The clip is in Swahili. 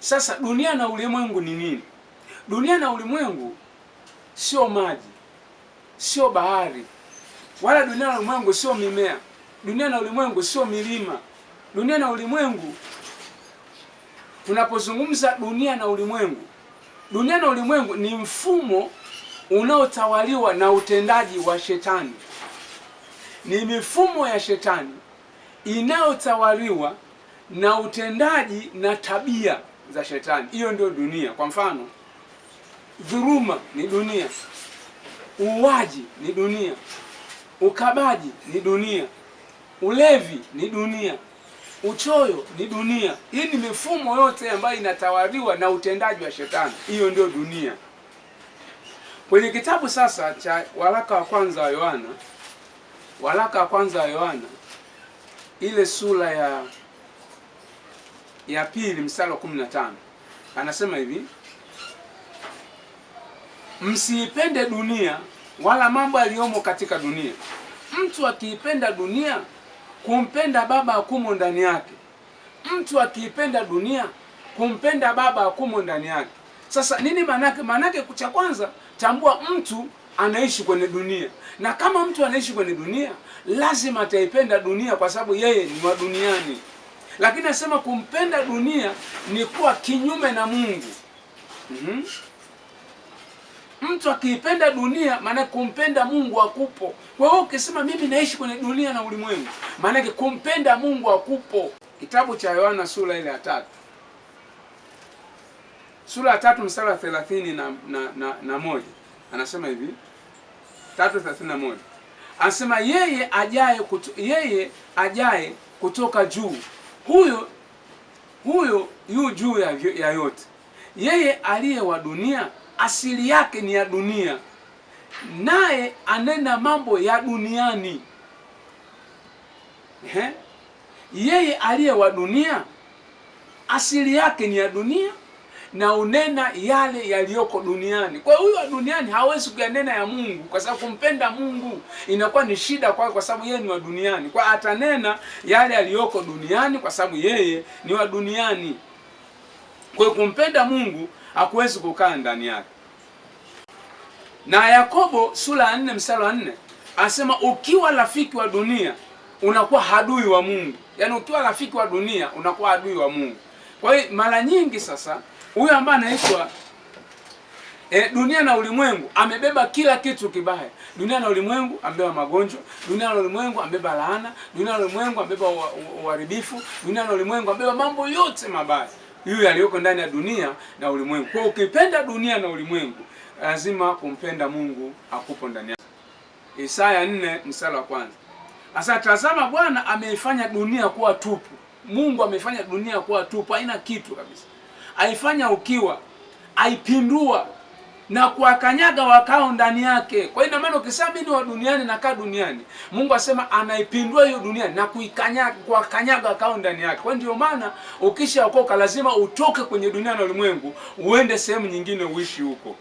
Sasa dunia na ulimwengu ni nini? Dunia na ulimwengu sio maji, sio bahari, wala dunia na ulimwengu sio mimea, dunia na ulimwengu sio milima, dunia na ulimwengu. Tunapozungumza dunia na ulimwengu, dunia na ulimwengu ni mfumo unaotawaliwa na utendaji wa Shetani, ni mifumo ya Shetani inayotawaliwa na utendaji na tabia za shetani. Hiyo ndio dunia. Kwa mfano, dhuruma ni dunia, uuaji ni dunia, ukabaji ni dunia, ulevi ni dunia, uchoyo ni dunia. Hii ni mifumo yote ambayo inatawaliwa na utendaji wa shetani. Hiyo ndio dunia. Kwenye kitabu sasa cha waraka wa kwanza wa Yohana, waraka wa kwanza wa Yohana ile sura ya ya pili mstari wa 15 anasema hivi, msiipende dunia wala mambo yaliyomo katika dunia. Mtu akiipenda dunia, kumpenda Baba akumo ndani yake. Mtu akiipenda dunia, kumpenda Baba akumo ndani yake. Sasa nini maanake? Maanake cha kwanza, tambua mtu anaishi kwenye dunia, na kama mtu anaishi kwenye dunia, lazima ataipenda dunia, kwa sababu yeye ni wa duniani lakini nasema kumpenda dunia ni kuwa kinyume na Mungu. mm-hmm. Mtu akiipenda dunia, maana kumpenda Mungu hakupo. Kwa hiyo ukisema mimi naishi kwenye dunia na ulimwengu, maana kumpenda Mungu hakupo. Kitabu cha Yohana sura ile ya tatu sura ya tatu mstari wa thelathini na, na, na, na moja anasema hivi, tatu thelathini na moja anasema yeye ajaye kutu, yeye ajaye kutoka juu Huyu huyu yu juu ya, ya yote, yeye aliye wa dunia asili yake ni ya dunia, naye anena mambo ya duniani. He? Yeye aliye wa dunia asili yake ni ya dunia na unena yale yaliyoko duniani. Kwa hiyo huyo duniani hawezi kuyanena ya Mungu, kwa sababu kumpenda Mungu inakuwa ni shida kwake, kwa sababu yeye ni wa duniani. Kwa atanena yale yaliyoko duniani, kwa sababu yeye ni wa duniani. Kwa hiyo kumpenda Mungu hakuwezi kukaa ndani yake. Na Yakobo sura ya 4 mstari wa 4 asema ukiwa rafiki wa dunia unakuwa hadui wa Mungu. Yaani ukiwa rafiki wa dunia unakuwa adui wa Mungu. Kwa hiyo mara nyingi sasa huyo ambaye anaitwa E, dunia na ulimwengu amebeba kila kitu kibaya. Dunia na ulimwengu amebeba magonjwa, dunia na ulimwengu amebeba laana, dunia na ulimwengu amebeba uharibifu, dunia na ulimwengu amebeba mambo yote mabaya yule aliyoko ndani ya dunia na ulimwengu. Kwa ukipenda dunia na ulimwengu, lazima kumpenda Mungu akupo ndani yako. Isaya 4 mstari wa kwanza. Asa, tazama, Bwana ameifanya dunia kuwa tupu. Mungu ameifanya dunia kuwa tupu, haina kitu kabisa aifanya ukiwa, aipindua na kuwakanyaga wakao ndani yake. Kwa hiyo maana ukisema mimi wa duniani nakaa duniani, Mungu asema anaipindua hiyo duniani na kuikanyaga, kuwakanyaga wakao ndani yake. Kwa ndio maana ukishaokoka lazima utoke kwenye dunia na ulimwengu, uende sehemu nyingine uishi huko.